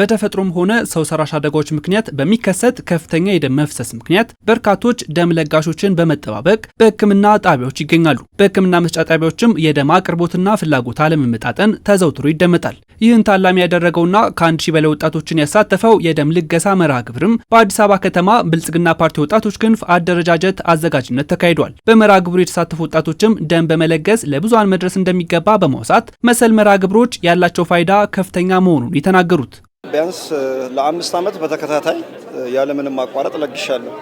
በተፈጥሮም ሆነ ሰው ሰራሽ አደጋዎች ምክንያት በሚከሰት ከፍተኛ የደም መፍሰስ ምክንያት በርካቶች ደም ለጋሾችን በመጠባበቅ በሕክምና ጣቢያዎች ይገኛሉ። በሕክምና መስጫ ጣቢያዎችም የደም አቅርቦትና ፍላጎት አለመመጣጠን ተዘውትሮ ይደመጣል። ይህን ታላሚ ያደረገውና ከአንድ ሺህ በላይ ወጣቶችን ያሳተፈው የደም ልገሳ መርሃ ግብርም በአዲስ አበባ ከተማ ብልጽግና ፓርቲ ወጣቶች ክንፍ አደረጃጀት አዘጋጅነት ተካሂዷል። በመርሃ ግብሩ የተሳተፉ ወጣቶችም ደም በመለገስ ለብዙሃን መድረስ እንደሚገባ በማውሳት መሰል መርሃ ግብሮች ያላቸው ፋይዳ ከፍተኛ መሆኑን የተናገሩት ቢያንስ ለአምስት ዓመት በተከታታይ ያለምንም ማቋረጥ ለግሻለሁ።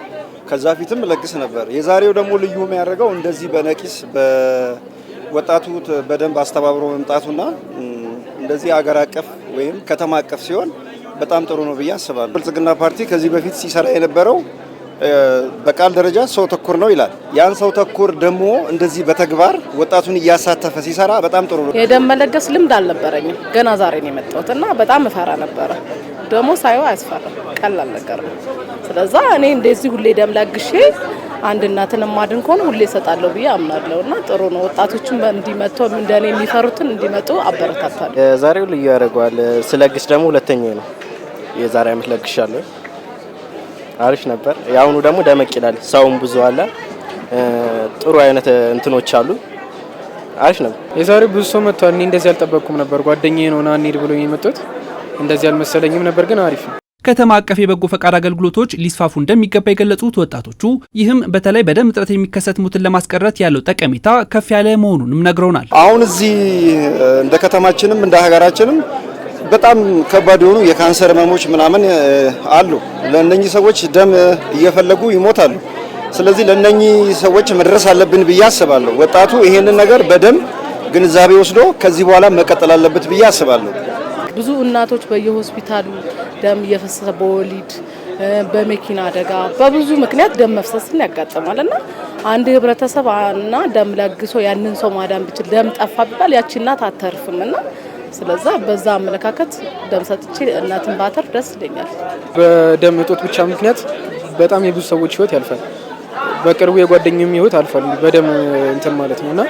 ከዛ ፊትም ለግስ ነበር። የዛሬው ደግሞ ልዩ የሚያደርገው እንደዚህ በነቂስ በወጣቱ በደንብ አስተባብሮ መምጣቱና እንደዚህ አገር አቀፍ ወይም ከተማ አቀፍ ሲሆን በጣም ጥሩ ነው ብዬ አስባለሁ። ብልጽግና ፓርቲ ከዚህ በፊት ሲሰራ የነበረው በቃል ደረጃ ሰው ተኮር ነው ይላል። ያን ሰው ተኮር ደግሞ እንደዚህ በተግባር ወጣቱን እያሳተፈ ሲሰራ በጣም ጥሩ ነው። የደም መለገስ ልምድ አልነበረኝም። ገና ዛሬ ነው የመጣሁት እና በጣም እፈራ ነበረ። ደግሞ ሳይ አያስፈራም፣ ቀላል ነገር ነው። ስለዛ እኔ እንደዚህ ሁሌ ደም ለግሼ አንድ እናትን ማድን ከሆነ ሁሌ እሰጣለሁ ብዬ አምናለሁ እና ጥሩ ነው። ወጣቶችም እንዲመጡ እንደኔ የሚፈሩትን እንዲመጡ አበረታታለሁ። ዛሬው ልዩ ያደርገዋል። ስለግስ ደግሞ ሁለተኛ ነው። የዛሬ አመት ለግሻለሁ አሪፍ ነበር። የአሁኑ ደግሞ ደመቅ ይላል። ሰውም ብዙ አለ። ጥሩ አይነት እንትኖች አሉ። አሪፍ ነበር። የዛሬ ብዙ ሰው መጥቷል። እኔ እንደዚህ አልጠበቅኩም ነበር። ጓደኛዬ ነው ና እንሂድ ብሎ የመጡት እንደዚህ አልመሰለኝም ነበር፣ ግን አሪፍ ነው። ከተማ አቀፍ የበጎ ፈቃድ አገልግሎቶች ሊስፋፉ እንደሚገባ የገለጹት ወጣቶቹ ይህም በተለይ በደም እጥረት የሚከሰት ሞትን ለማስቀረት ያለው ጠቀሜታ ከፍ ያለ መሆኑንም ነግረውናል። አሁን እዚህ እንደ ከተማችንም እንደ ሀገራችንም በጣም ከባድ የሆኑ የካንሰር ህመሞች ምናምን አሉ። ለእነኚህ ሰዎች ደም እየፈለጉ ይሞታሉ። ስለዚህ ለእነኚህ ሰዎች መድረስ አለብን ብዬ አስባለሁ። ወጣቱ ይሄንን ነገር በደም ግንዛቤ ወስዶ ከዚህ በኋላ መቀጠል አለበት ብዬ አስባለሁ። ብዙ እናቶች በየሆስፒታሉ ደም እየፈሰሰ በወሊድ በመኪና አደጋ በብዙ ምክንያት ደም መፍሰስን ያጋጥማል እና አንድ ህብረተሰብ እና ደም ለግሶ ያንን ሰው ማዳን ብችል ደም ጠፋ ቢባል ያቺ እናት አተርፍም እና ስለዛ በዛ አመለካከት ደም ሰጥቼ እናትን ባተር ደስ ይለኛል። በደም እጦት ብቻ ምክንያት በጣም የብዙ ሰዎች ህይወት ያልፋል። በቅርቡ የጓደኛም ህይወት አልፏል በደም እንትን ማለት ነው እና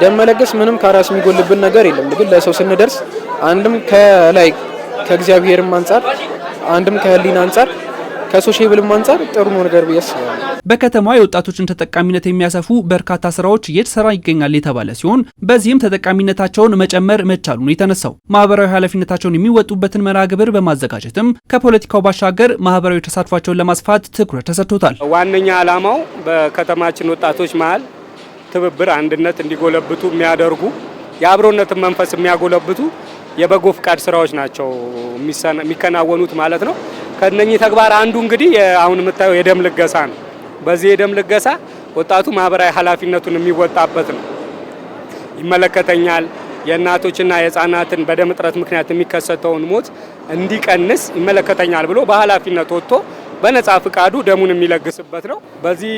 ደም መለገስ ምንም ከራስ የሚጎልብን ነገር የለም። ግን ለሰው ስንደርስ አንድም ከላይ ከእግዚአብሔርም አንጻር አንድም ከህሊና አንጻር ከሶሻብልም አንጻር ጥሩ ነገር ብዬ አስባለሁ። በከተማዋ የወጣቶችን ተጠቃሚነት የሚያሰፉ በርካታ ስራዎች እየተሰራ ይገኛል የተባለ ሲሆን በዚህም ተጠቃሚነታቸውን መጨመር መቻሉ የተነሳው። ማህበራዊ ኃላፊነታቸውን የሚወጡበትን መርሃ ግብር በማዘጋጀትም ከፖለቲካው ባሻገር ማህበራዊ ተሳትፏቸውን ለማስፋት ትኩረት ተሰጥቶታል። ዋነኛ ዓላማው በከተማችን ወጣቶች መሀል ትብብር፣ አንድነት እንዲጎለብቱ የሚያደርጉ የአብሮነትን መንፈስ የሚያጎለብቱ የበጎ ፍቃድ ስራዎች ናቸው የሚከናወኑት ማለት ነው። ከነኚህ ተግባር አንዱ እንግዲህ አሁን የምታየው የደም ልገሳ ነው። በዚህ የደም ልገሳ ወጣቱ ማህበራዊ ኃላፊነቱን የሚወጣበት ነው። ይመለከተኛል የእናቶችና የህፃናትን በደም እጥረት ምክንያት የሚከሰተውን ሞት እንዲቀንስ ይመለከተኛል ብሎ በኃላፊነት ወጥቶ በነፃ ፍቃዱ ደሙን የሚለግስበት ነው። በዚህ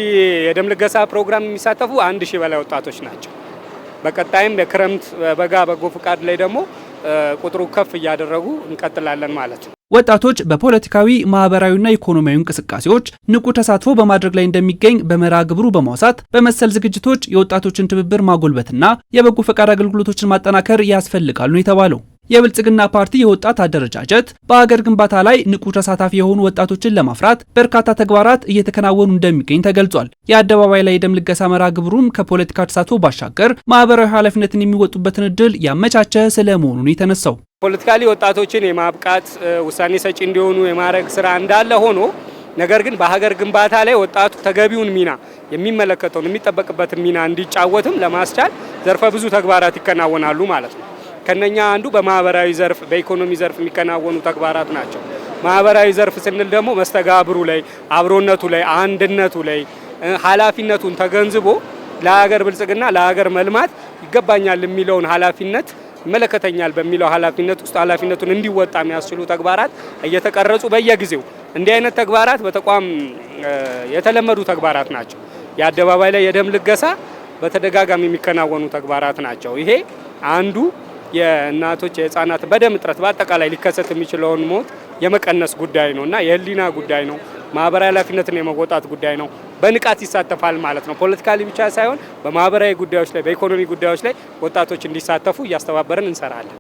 የደም ልገሳ ፕሮግራም የሚሳተፉ አንድ ሺህ በላይ ወጣቶች ናቸው። በቀጣይም የክረምት በጋ በጎ ፍቃድ ላይ ደግሞ ቁጥሩ ከፍ እያደረጉ እንቀጥላለን ማለት ነው። ወጣቶች በፖለቲካዊ ማህበራዊና ኢኮኖሚያዊ እንቅስቃሴዎች ንቁ ተሳትፎ በማድረግ ላይ እንደሚገኝ በመርሃ ግብሩ በማውሳት በመሰል ዝግጅቶች የወጣቶችን ትብብር ማጎልበትና የበጎ ፈቃድ አገልግሎቶችን ማጠናከር ያስፈልጋሉ የተባለው የብልጽግና ፓርቲ የወጣት አደረጃጀት በሀገር ግንባታ ላይ ንቁ ተሳታፊ የሆኑ ወጣቶችን ለማፍራት በርካታ ተግባራት እየተከናወኑ እንደሚገኝ ተገልጿል። የአደባባይ ላይ የደም ልገሳ መርሃ ግብሩም ከፖለቲካ ተሳትፎ ባሻገር ማህበራዊ ኃላፊነትን የሚወጡበትን እድል ያመቻቸ ስለመሆኑን የተነሳው። ፖለቲካሊ ወጣቶችን የማብቃት ውሳኔ ሰጪ እንዲሆኑ የማድረግ ስራ እንዳለ ሆኖ ነገር ግን በሀገር ግንባታ ላይ ወጣቱ ተገቢውን ሚና የሚመለከተውን የሚጠበቅበትን ሚና እንዲጫወትም ለማስቻል ዘርፈ ብዙ ተግባራት ይከናወናሉ ማለት ነው። ከነኛ አንዱ በማህበራዊ ዘርፍ በኢኮኖሚ ዘርፍ የሚከናወኑ ተግባራት ናቸው። ማህበራዊ ዘርፍ ስንል ደግሞ መስተጋብሩ ላይ አብሮነቱ ላይ አንድነቱ ላይ ኃላፊነቱን ተገንዝቦ ለሀገር ብልጽግና ለሀገር መልማት ይገባኛል የሚለውን ኃላፊነት ይመለከተኛል በሚለው ኃላፊነት ውስጥ ኃላፊነቱን እንዲወጣ የሚያስችሉ ተግባራት እየተቀረጹ በየጊዜው እንዲህ አይነት ተግባራት በተቋም የተለመዱ ተግባራት ናቸው። የአደባባይ ላይ የደም ልገሳ በተደጋጋሚ የሚከናወኑ ተግባራት ናቸው። ይሄ አንዱ የእናቶች የህፃናት በደም እጥረት በአጠቃላይ ሊከሰት የሚችለውን ሞት የመቀነስ ጉዳይ ነው እና የህሊና ጉዳይ ነው። ማህበራዊ ኃላፊነትን የመወጣት ጉዳይ ነው። በንቃት ይሳተፋል ማለት ነው። ፖለቲካሊ ብቻ ሳይሆን በማህበራዊ ጉዳዮች ላይ፣ በኢኮኖሚ ጉዳዮች ላይ ወጣቶች እንዲሳተፉ እያስተባበረን እንሰራለን።